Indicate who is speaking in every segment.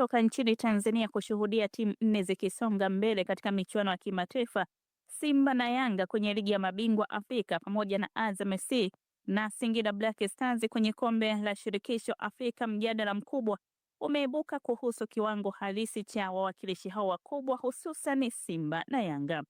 Speaker 1: soka nchini Tanzania kushuhudia timu nne zikisonga mbele katika michuano ya kimataifa. Simba na Yanga kwenye ligi ya mabingwa Afrika pamoja na Azam FC na Singida Black Stars kwenye kombe la shirikisho Afrika. Mjadala mkubwa umeibuka kuhusu kiwango halisi cha wawakilishi hao wakubwa hususan Simba na Yanga.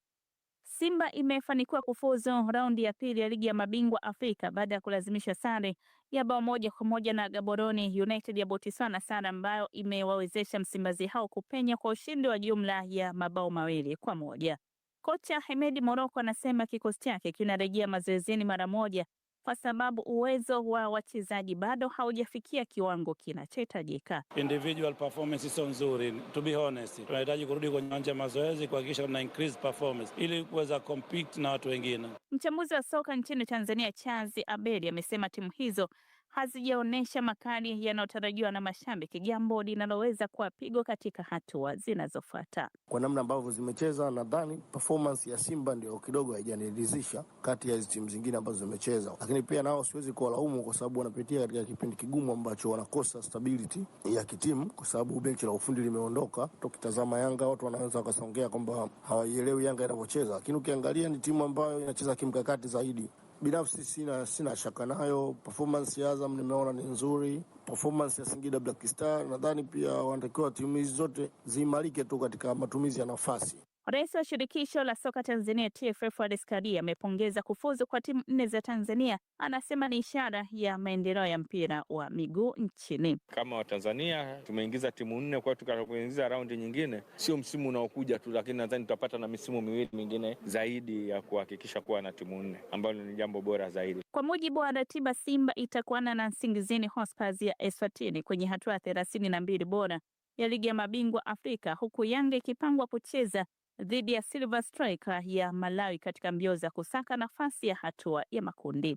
Speaker 1: Simba imefanikiwa kufuzu raundi ya pili ya ligi ya mabingwa Afrika baada ya kulazimisha sare ya bao moja kwa moja na Gaborone United ya Botswana, sare ambayo imewawezesha Msimbazi hao kupenya kwa ushindi wa jumla ya mabao mawili kwa moja. Kocha Hemedi Moroko anasema kikosi chake kinarejea mazoezini mara moja kwa sababu uwezo wa wachezaji bado haujafikia kiwango kinachohitajika.
Speaker 2: Individual performance sio nzuri, to be honest. Tunahitaji kurudi kwenye uwanja mazoezi kuhakikisha tuna increase performance ili kuweza compete na watu wengine.
Speaker 1: Mchambuzi wa soka nchini Tanzania Chazi Abedi amesema timu hizo hazijaonyesha makali yanayotarajiwa na mashabiki, jambo linaloweza kuwa pigo katika hatua zinazofuata.
Speaker 3: Kwa namna ambavyo zimecheza, nadhani performance ya Simba ndio kidogo haijaniridhisha kati ya hizi timu zingine ambazo zimecheza, lakini pia nao siwezi kuwalaumu kwa sababu wanapitia katika kipindi kigumu ambacho wanakosa stability ya kitimu, kwa sababu benchi la ufundi limeondoka. Tukitazama Yanga, watu wanaweza wakasongea kwamba hawaielewi Yanga inavyocheza, lakini ukiangalia ni timu ambayo inacheza kimkakati zaidi, binafsi sina, sina shaka nayo. Performance ya Azam nimeona ni nzuri, performance ya Singida Black Star nadhani pia wanatakiwa timu hizi zote ziimarike tu katika matumizi ya nafasi.
Speaker 1: Rais wa shirikisho la soka Tanzania TFF Wallace Karia amepongeza kufuzu kwa timu nne za Tanzania, anasema ni ishara ya maendeleo ya mpira wa miguu nchini.
Speaker 4: Kama Watanzania tumeingiza timu nne, kwa tukaingiza raundi nyingine, sio msimu unaokuja tu, lakini nadhani tutapata na misimu miwili mingine zaidi ya kuhakikisha kuwa na timu nne, ambalo ni jambo bora zaidi.
Speaker 1: Kwa mujibu wa ratiba, Simba itakuana na Nsingizini Hotspurs ya Eswatini kwenye hatua thelathini na mbili bora ya ligi ya mabingwa Afrika, huku Yanga ikipangwa kucheza dhidi ya Silver Striker ya Malawi katika mbio za kusaka nafasi ya hatua ya makundi.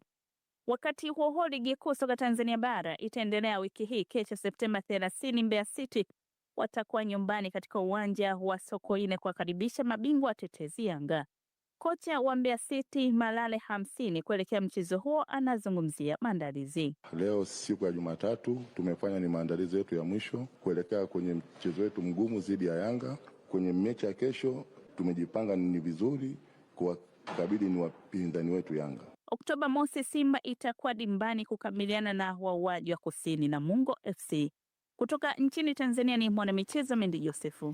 Speaker 1: Wakati huo huo, ligi kuu soka Tanzania bara itaendelea wiki hii. Kesho Septemba 30, Mbeya City watakuwa nyumbani katika uwanja wa Sokoine kuwakaribisha mabingwa watetezi Yanga. Kocha wa Mbeya City Malale hamsini kuelekea mchezo huo anazungumzia maandalizi.
Speaker 5: Leo siku ya Jumatatu tumefanya ni maandalizi yetu ya mwisho kuelekea kwenye mchezo wetu mgumu dhidi ya Yanga. Kwenye mechi ya kesho tumejipanga ni vizuri kuwakabili ni wapinzani wetu Yanga.
Speaker 1: Oktoba mosi Simba itakuwa dimbani kukabiliana na wauaji wa kusini na Mungo FC. Kutoka nchini Tanzania ni mwanamichezo Mendi Josefu.